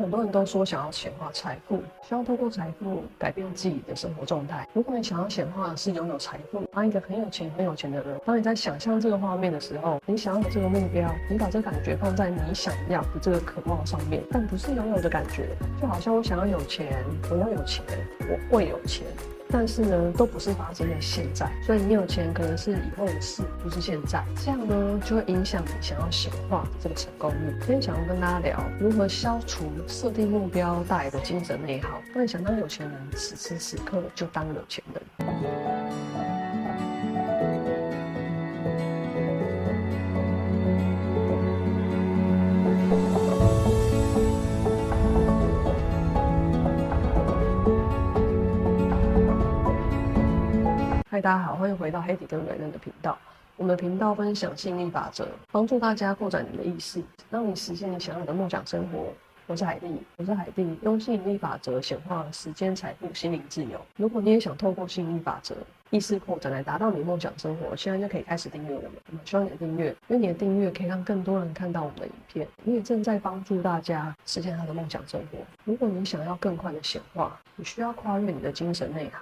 很多人都說想要顯化財富，想要透過財富改變自己的生活狀態。如果你想要顯化的是擁有財富，當一個很有錢、很有錢的人。當你在想象這個畫面的時候，你想要的這個目標，你把這感覺放在你想要的這個渴望上面，但不是擁有的感覺。就好像我想要有錢，我要有錢，我會有錢。但是呢，都不是發生在現在，所以你有錢可能是以後的事，不是現在。這樣呢，就會影響你想要顯化這個成功率。今天想要跟大家聊如何消除設定目標帶來的精神內耗。那想當有錢人，此時此刻就當有錢人。大家好，歡迎回到海地跟睿睿的頻道。我們的頻道分享吸引力法則，幫助大家擴展你的意識，讓你實現你想要的夢想生活。我是海地，我是睿睿，用吸引力法則顯化時間、財富、心靈自由。如果你也想透過吸引力法則、意識擴展來達到你夢想生活，現在就可以開始訂閱我們。我們需要你的訂閱，因為你的訂閱可以讓更多人看到我們的影片，你也正在幫助大家實現他的夢想生活。如果你想要更快的顯化，你需要跨越你的精神內耗。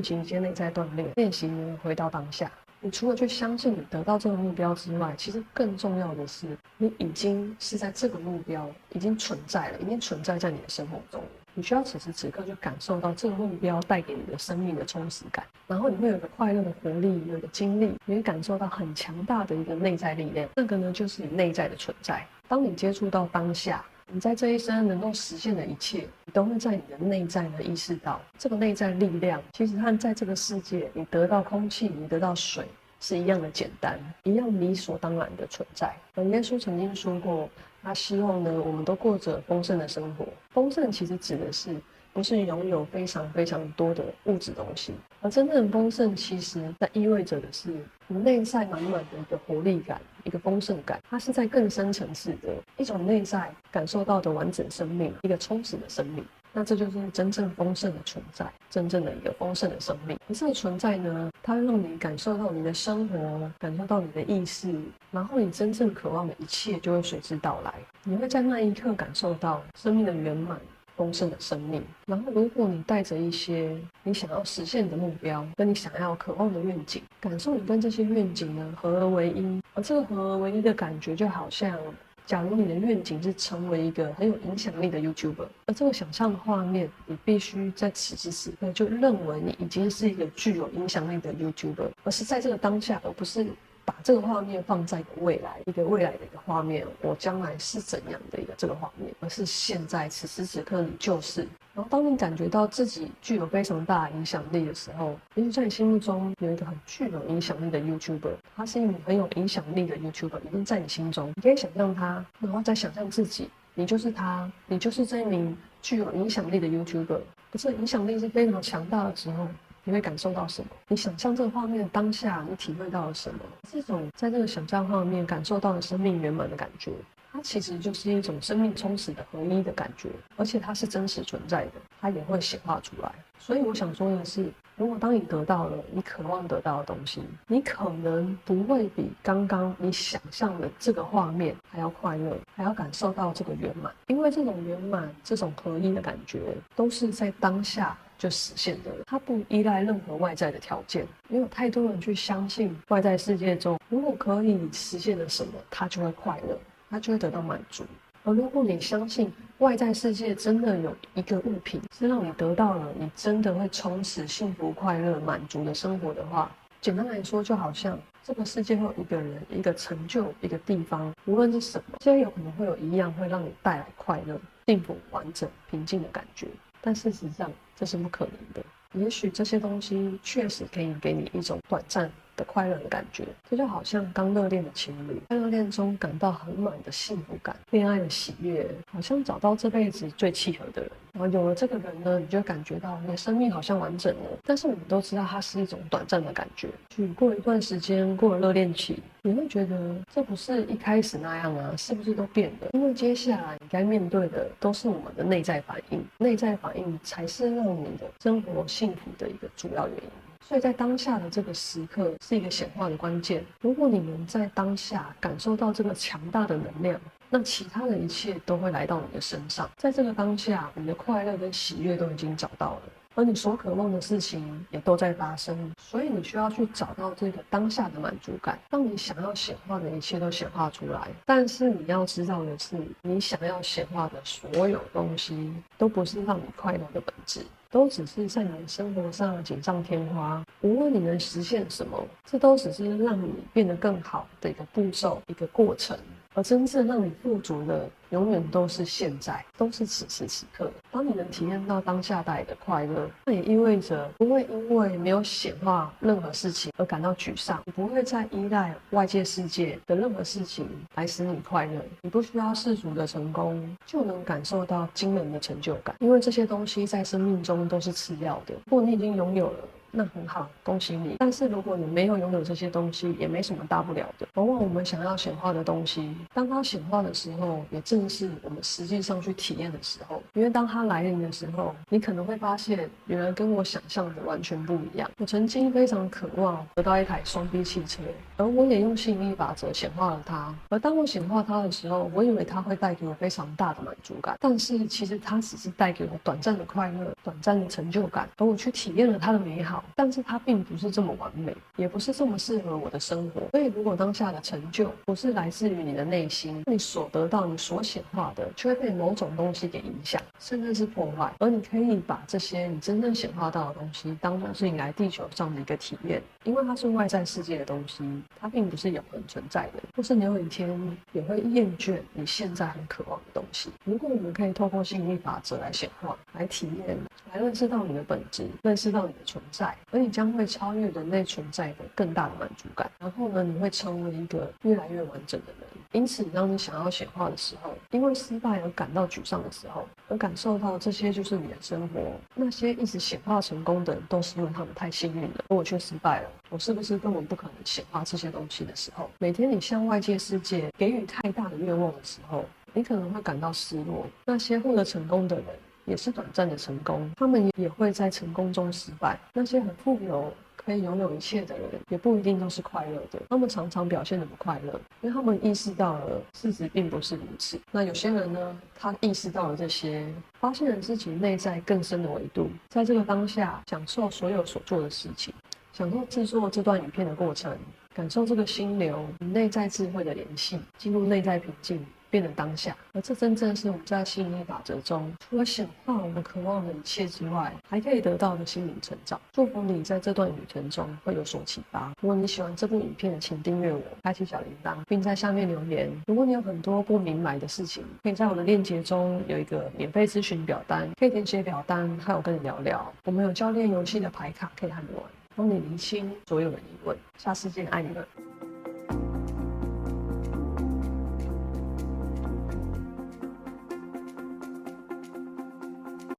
進行一些內在鍛鍊練習呢，回到當下，你除了去相信你得到這個目標之外，其實更重要的是，你已經是在這個目標已經存在了，已經存在在你的生活中。你需要此時此刻就感受到這個目標帶給你的生命的充實感，然後你會有個快樂的活力，有個精力，你會感受到很強大的一個內在力量。這個呢，就是你內在的存在。當你接觸到當下。你在這一生能夠實現的一切，你都會在你的內在呢意識到，這個內在力量，其實它在這個世界，你得到空氣，你得到水，是一樣的簡單，一樣理所當然的存在。耶穌曾經說過，他希望呢，我們都過着豐盛的生活。豐盛其實指的是，不是擁有非常非常多的物質東西，而真正的豐盛其實它意味着的是你內在滿滿的一個活力感，一個豐盛感，它是在更深層次的一種內在感受到的完整生命，一個充實的生命。那這就是真正豐盛的存在，真正的一個豐盛的生命。豐盛的存在呢，它會讓你感受到你的生活，感受到你的意識，然後你真正渴望的一切就會隨之到來，你會在那一刻感受到生命的圓滿。豐盛的生命，然後如果你帶着一些你想要實現的目標，跟你想要渴望的願景，感受你跟這些願景呢，合而為一，而這個合而為一的感覺就好像，假如你的願景是成為一個很有影響力的 YouTuber，而這個想象的畫面，你必須在此時此刻就認為你已經是一個具有影響力的 YouTuber，而是在這個當下，而不是。把這個畫面放在一個未來，一個未來的一個畫面，我將來是怎樣的一個這個畫面，而是現在此時此刻你就是。然後當你感覺到自己具有非常大的影響力的時候，也許在你心目中有一個很具有影響力的 YouTuber，他是一名很有影響力的 YouTuber，已經在你心中，你可以想象他，然後再想象自己，你就是他，你就是這一名具有影響力的 YouTuber，可是影響力是非常強大的時候。你會感受到什麼？你想象這個畫面的當下，你體會到了什麼？這種在這個想象畫面感受到的生命圓滿的感覺，它其實就是一種生命充實的合一的感覺，而且它是真實存在的，它也會顯化出來。所以我想說的是，如果當你得到了你渴望得到的東西，你可能不會比剛剛你想象的這個畫面還要快樂，還要感受到這個圓滿，因為這種圓滿、這種合一的感覺，都是在當下。就實現的了，它不依賴任何外在的條件。沒有太多人去相信外在世界中，如果可以實現了什麼，他就會快樂，他就會得到滿足。而如果你相信外在世界真的有一個物品是讓你得到了，你真的會充實、幸福、快樂、滿足的生活的話，簡單來說，就好像這個世界會有一個人、一個成就、一個地方，無論是什麼，皆有可能會有一樣會讓你帶來快樂、幸福、完整、平靜的感覺。但事實上，這是不可能的。也許這些東西確實可以給你一種短暫的快樂的感覺，這就好像剛熱戀的情侶，在熱戀中感到很滿的幸福感，戀愛的喜悅，好像找到這輩子最契合的人。然後有了這個人呢，你就感覺到你的生命好像完整了。但是我們都知道，它是一種短暫的感覺。去過一段時間，過了熱戀期，你會覺得這不是一開始那樣啊，是不是都變了？因為接下來你該面對的都是我們的內在反應，內在反應才是讓你的生活幸福的一個主要原因。所以在當下的這個時刻是一個顯化的關鍵。如果你們在當下感受到這個強大的能量，那其他的一切都會來到你的身上。在這個當下，你的快樂跟喜悅都已經找到了。而你所渴望的事情也都在發生，所以你需要去找到這個當下的滿足感，讓你想要顯化的一切都顯化出來。但是你要知道的是，你想要顯化的所有東西都不是讓你快樂的本質，都只是在你的生活上錦上添花。無論你能實現什麼，這都只是讓你變得更好的一個步驟，一個過程。而真正讓你富足的，永遠都是現在，都是此時此刻。當你能體驗到當下帶來的快樂，那也意味着不會因為沒有顯化任何事情而感到沮喪。你不會再依賴外界世界的任何事情來使你快樂。你不需要世俗的成功，就能感受到驚人的成就感，因為這些東西在生命中都是次要的。如果你已經擁有了，那很好，恭喜你。但是如果你沒有擁有這些東西，也沒什麼大不了的。往往我們想要顯化的東西，當它顯化的時候，也正是我們實際上去體驗的時候。因為當它來臨的時候，你可能會發現，原來跟我想象的完全不一樣。我曾經非常渴望得到一台雙 B 汽車，而我也用吸引力法則顯化了它。而當我顯化它的時候，我以為它會帶給我非常大的滿足感，但是其實它只是帶給我短暫的快樂。短暫的成就感，而我去體驗了它的美好，但是它並不是這麼完美，也不是這麼適合我的生活。所以，如果當下的成就不是來自於你的內心，你所得到、你所顯化的，就會被某種東西給影響，甚至是破壞。而你可以把這些你真正顯化到的東西，當做是你來地球上的一個體驗，因為它是外在世界的東西，它並不是永恆存在的。或是你有一天也會厭倦你現在很渴望的東西。如果我們可以透過吸引力法則來顯化，來體驗。來認識到你的本質，認識到你的存在，而你將會超越人類存在的更大的滿足感。然後呢，你會成為一個越來越完整的人。因此，當你想要顯化的時候，因為失敗而感到沮喪的時候，而感受到這些就是你的生活。那些一直顯化成功的人，都是因為他們太幸運了。而我卻失敗了，我是不是根本不可能顯化這些東西的時候，每天你向外界世界給予太大的願望的時候，你可能會感到失落。那些獲得成功的人。也是短暫的成功，他們也會在成功中失敗。那些很富有、可以擁有一切的人，也不一定都是快樂的。他們常常表現得不快樂，因為他們意識到了事實並不是如此。那有些人呢，他意識到了這些，發現了自己內在更深的維度，在這個當下享受所有所做的事情，享受制作這段影片的過程，感受這個心流與內在智慧的聯繫，進入內在平靜。變得當下，而這真正是我們在吸引力法則中，除了顯化我們渴望的一切之外，還可以得到的心靈成長。祝福你在這段旅程中會有所啟發。如果你喜歡這部影片，請訂閱我，開啟小鈴鐺，並在下面留言。如果你有很多不明白的事情，可以在我的鏈接中有一個免費諮詢表單，可以填寫表單，和我跟你聊聊。我們有教練遊戲的牌卡，可以和你玩，幫你釐清所有的疑問。下次見，愛你們。